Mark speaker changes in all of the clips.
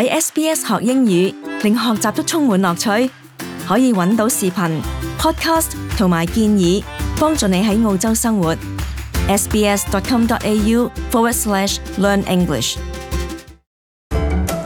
Speaker 1: 喺 SBS 學英語，令學習都充滿樂趣，可以揾到視頻、podcast 同埋建議，幫助你喺澳洲生活。sbs.com.au/learnenglish。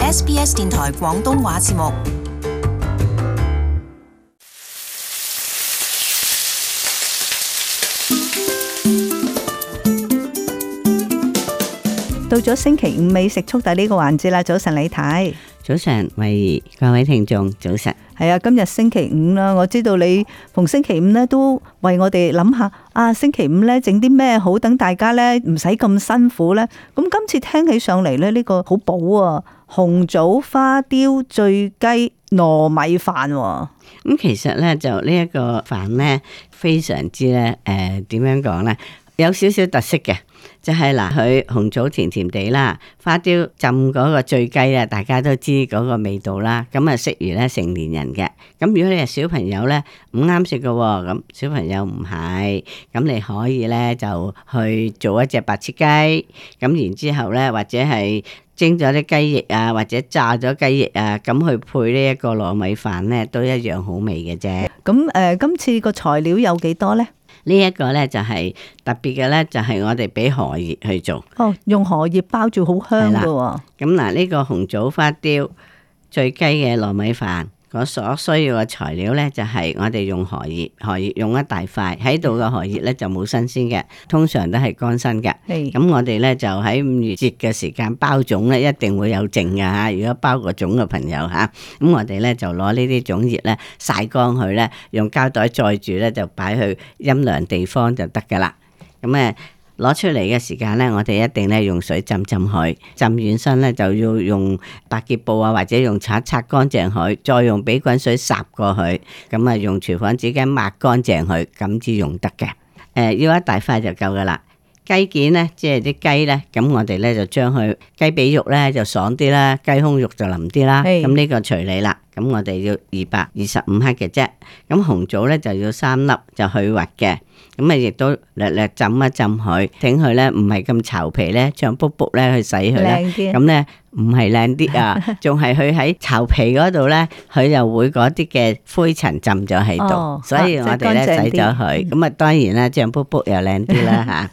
Speaker 1: SBS 電台廣東話節目。到咗星期五美食速遞呢個環節啦，早晨李太，
Speaker 2: 早晨，喂各位聽眾，早晨，
Speaker 1: 係啊，今日星期五啦，我知道你逢星期五咧都為我哋諗下，啊，星期五咧整啲咩好，等大家咧唔使咁辛苦咧。咁今次聽起上嚟咧，呢個好補啊，紅棗
Speaker 2: 花雕醉雞糯米飯。咁其實咧就呢一個飯咧，非常之咧，誒，呃，點樣講咧？有少少特色嘅，就係、是、嗱，佢紅棗甜甜地啦，花雕浸嗰個醉雞啊，大家都知嗰個味道啦。咁啊，適宜咧成年人嘅。咁如果你係小朋友咧，唔啱食㗎，咁小朋友唔係。咁你可以咧就去做一隻白切雞。咁然之後咧，或者係蒸咗啲雞翼啊，或者炸咗雞翼啊，咁去配呢一個糯米飯咧，都一樣好味嘅啫。咁誒、呃，今次個材料有幾多咧？呢一個咧就係、是、特別嘅咧，就係我哋俾荷葉去做，
Speaker 1: 哦，用荷葉包住好香
Speaker 2: 噶。咁嗱，呢、這個紅棗花雕醉雞嘅糯米飯。我所需要嘅材料呢，就係我哋用荷葉，荷葉用一大塊喺度嘅荷葉呢就冇新鮮嘅，通常都係乾身嘅。咁是我哋呢，就喺五月節嘅時間包粽呢，一定會有剩㗎吓，如果包過粽嘅朋友吓，咁我哋呢，就攞呢啲粽葉呢，曬乾佢呢，用膠袋載住呢，就擺去陰涼地方就得㗎啦。咁咧。攞出嚟嘅時間呢，我哋一定咧用水浸浸佢，浸軟身呢，就要用百潔布啊，或者用刷擦，擦乾淨佢，再用比滾水濕過去，咁啊用廚房紙巾抹乾淨佢，咁至用得嘅、呃。要一大塊就夠噶啦。雞件呢，即係啲雞呢，咁我哋呢就將佢雞髀肉呢就爽啲啦，雞胸肉就腍啲啦，咁呢 Hey. 個隨你啦。咁我哋要二百二十五克嘅啫，咁紅棗咧就要三粒就去核嘅，咁啊亦都略略浸一浸佢，整佢咧唔係咁巢皮咧，脹卜卜咧去洗佢，咁咧唔係靚啲啊，仲係佢喺巢皮嗰度咧，佢又會嗰啲嘅灰塵浸咗喺度，所以我哋咧洗咗佢。咁啊當然啦，脹卜卜又靚啲啦吓，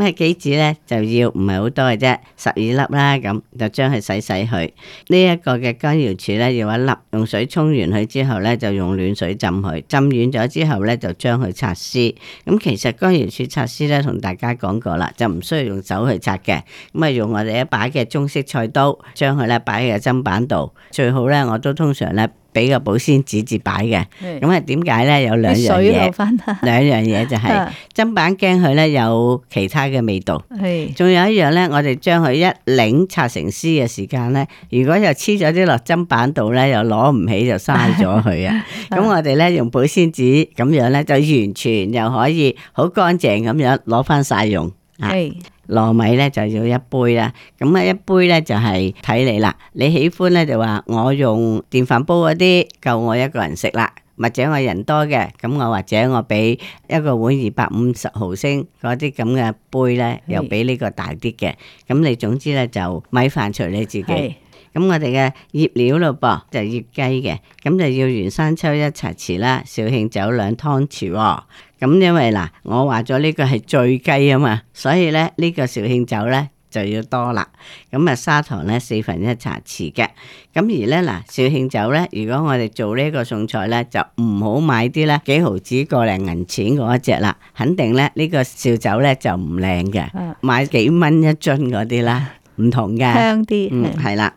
Speaker 2: 咁係杞子咧就要唔係好多嘅啫，十二粒啦，咁就將佢洗洗佢，呢一個嘅乾瑤柱咧要一粒。用水沖完佢之後呢，就用暖水浸佢，浸軟咗之後呢，就將佢擦絲。咁其實乾魚翅擦絲呢，同大家講過啦，就唔需要用手去擦嘅。咁啊，用我哋一把嘅中式菜刀，將佢呢擺喺個砧板度，最好呢，我都通常呢。俾個保鮮紙紙擺嘅，咁啊點解咧有兩樣嘢？ 兩樣嘢就係、是、砧 板驚佢咧有其他嘅味道，係是。仲有一樣咧，我哋將佢一擰拆成絲嘅時間咧，如果又黐咗啲落砧板度咧，又攞唔起就嘥咗佢啊！咁是 我哋咧用保鮮紙咁樣咧，就完全又可以好乾淨咁樣攞翻晒用。係。糯米咧就要一杯啦，咁啊一杯咧就係睇你啦。你喜歡咧就話我用電飯煲嗰啲夠我一個人食啦，或者我人多嘅，咁我或者我俾一個碗二百五十毫升嗰啲咁嘅杯咧，又比呢個大啲嘅。咁是你總之咧就米飯除你自己。咁我哋嘅醃料咯噃，就醃雞嘅，咁就要原生抽一茶匙啦，紹興酒兩湯匙，哦。咁因為嗱，我話咗呢個係醉雞啊嘛，所以咧呢、這個紹興酒咧就要多啦。咁啊砂糖咧四分一茶匙嘅。咁而咧嗱，紹興酒咧，如果我哋做呢一個餸菜咧，就唔好買啲咧幾毫子過嚟銀錢嗰隻啦，肯定咧呢、這個紹興酒咧就唔靚嘅，買幾蚊一樽嗰啲啦。唔同嘅，香啲些，嗯，係啦，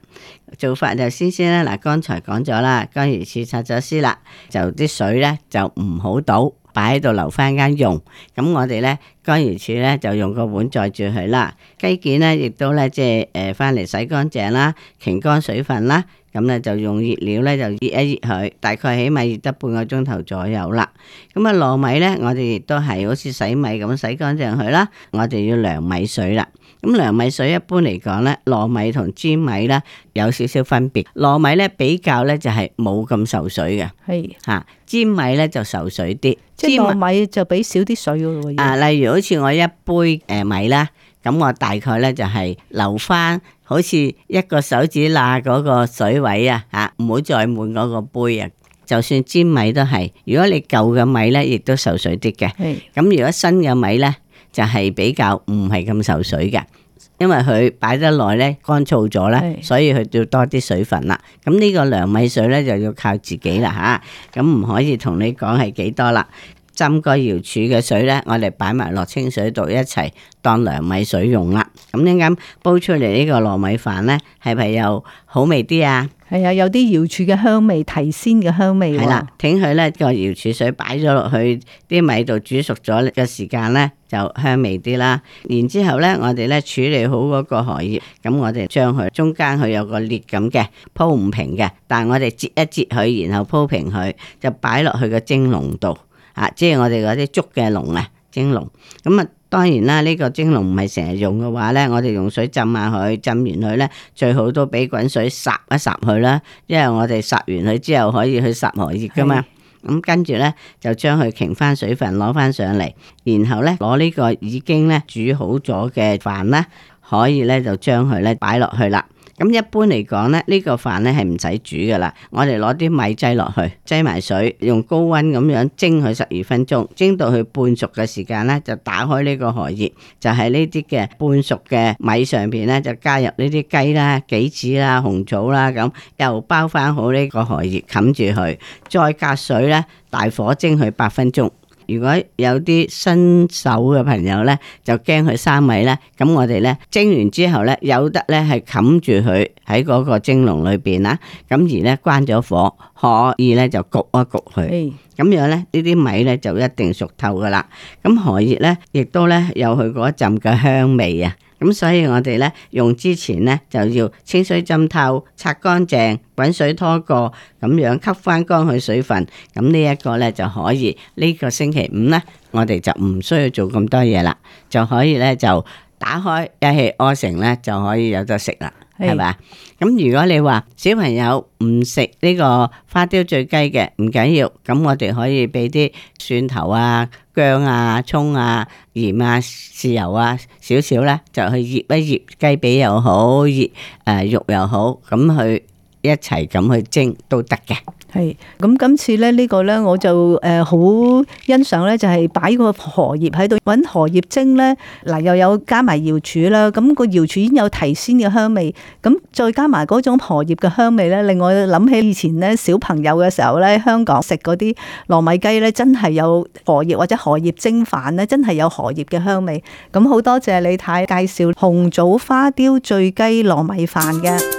Speaker 2: 做法就先先啦。嗱，剛才講咗啦，乾魚翅拆咗絲啦，就啲水咧就唔好倒。擺喺度留翻間用，咁我哋呢乾魚翅呢，就用個碗載住佢啦，雞件呢，亦都呢，即係誒翻嚟洗乾淨啦，擎乾水分啦，咁呢，就用熱料呢，就熱一熱佢，大概起碼熱得半個鐘頭左右啦。咁啊糯米呢，我哋亦都係好似洗米咁洗乾淨佢啦，我哋要涼米水啦。咁涼米水一般嚟講呢，糯米同粘米啦，有少少分別，糯米，咧，比較咧，就係冇咁受水嘅。係嚇粘米咧就受水啲，粘
Speaker 1: 米，粘米，啊、就俾少啲水啊。
Speaker 2: 例如好似我一杯誒米啦，咁我大概咧就係留翻好似一個手指罅嗰個水位啊，嚇唔好再滿嗰個杯啊。就算粘米都係，如果你舊嘅米咧亦都受水啲嘅，咁是如果新嘅米咧就係、是、比較唔係咁受水嘅。因為佢擺得耐咧，乾燥咗咧，是所以佢要多啲水分啦。咁呢個涼米水咧，就要靠自己啦吓，咁唔可以同你講係幾多啦。浸個瑤柱嘅水呢，我哋擺埋落清水度一齊當涼米水用啦。咁點解煲出嚟呢個糯米飯呢？係咪又好味啲啊？係啊，有啲瑤柱嘅香
Speaker 1: 味，提鮮嘅香味。
Speaker 2: 係啦，整佢呢個瑤柱水擺咗落去啲米度煮熟咗嘅時間呢，就香味啲啦。然之後呢，我哋呢處理好嗰個荷葉，咁我哋將佢中間佢有個裂咁嘅鋪唔平嘅，但係我哋折一折佢，然後鋪平佢，就擺落去個蒸籠度。啊，即係我哋嗰啲竹嘅籠啊，蒸籠。咁啊，當然啦，呢個蒸籠唔係成日用嘅話呢，我哋用水浸下佢，浸完佢呢，最好都俾滾水霎一霎佢啦。因為我哋霎完佢之後，可以去霎荷葉噶嘛。咁的、啊、跟住呢，就將佢擎翻水分攞翻上嚟，然後呢，攞呢個已經呢煮好咗嘅飯呢，可以呢就將佢呢擺落去啦。咁一般嚟講咧，呢、這個飯咧係唔使煮噶啦，我哋攞啲米擠落去，擠埋水，用高溫咁樣蒸佢十二分鐘，蒸到佢半熟嘅時間咧，就打開呢個荷葉，就係呢啲嘅半熟嘅米上邊咧，就加入呢啲雞啦、杞子啦、紅棗啦咁，又包翻好呢個荷葉，冚住佢，再隔水咧，大火蒸佢八分鐘。如果有啲新手嘅朋友呢，就驚佢生米呢。咁我哋呢蒸完之後呢，有得呢係冚住佢喺嗰個蒸籠裏邊啦，咁而呢，關咗火，可以呢就焗一焗佢，咁樣呢，呢啲米呢就一定熟透㗎喇，咁荷葉呢，亦都呢有佢嗰陣嘅香味啊。咁所以我哋咧用之前咧就要清水浸透，擦乾淨，滾水拖過，咁樣吸翻乾去水分。咁呢一個咧就可以。呢個星期五咧，我哋就唔需要做咁多嘢啦，就可以咧就打開一氣呵成咧就可以有得食啦。係嘛？咁、嗯、如果你話小朋友唔食呢個花雕醉雞嘅，唔緊要。咁我哋可以俾啲蒜頭啊、薑啊、葱啊、鹽啊、豉油啊少少啦，就去醃一醃雞髀又好，醃誒肉又好，咁去一齊咁去蒸都得嘅。
Speaker 1: 係咁今次咧呢、這個呢，我就誒好、呃、欣賞呢，就係、是、擺個荷葉喺度，揾荷葉蒸呢，嗱、啊、又有加埋瑤柱啦。咁、那個瑤柱已經有提鮮嘅香味，咁再加埋嗰種荷葉嘅香味呢，令我諗起以前呢，小朋友嘅時候呢，香港食嗰啲糯米雞呢，真係有荷葉或者荷葉蒸飯呢，真係有荷葉嘅香味。咁好多謝李太介紹紅棗花雕醉雞糯米飯嘅。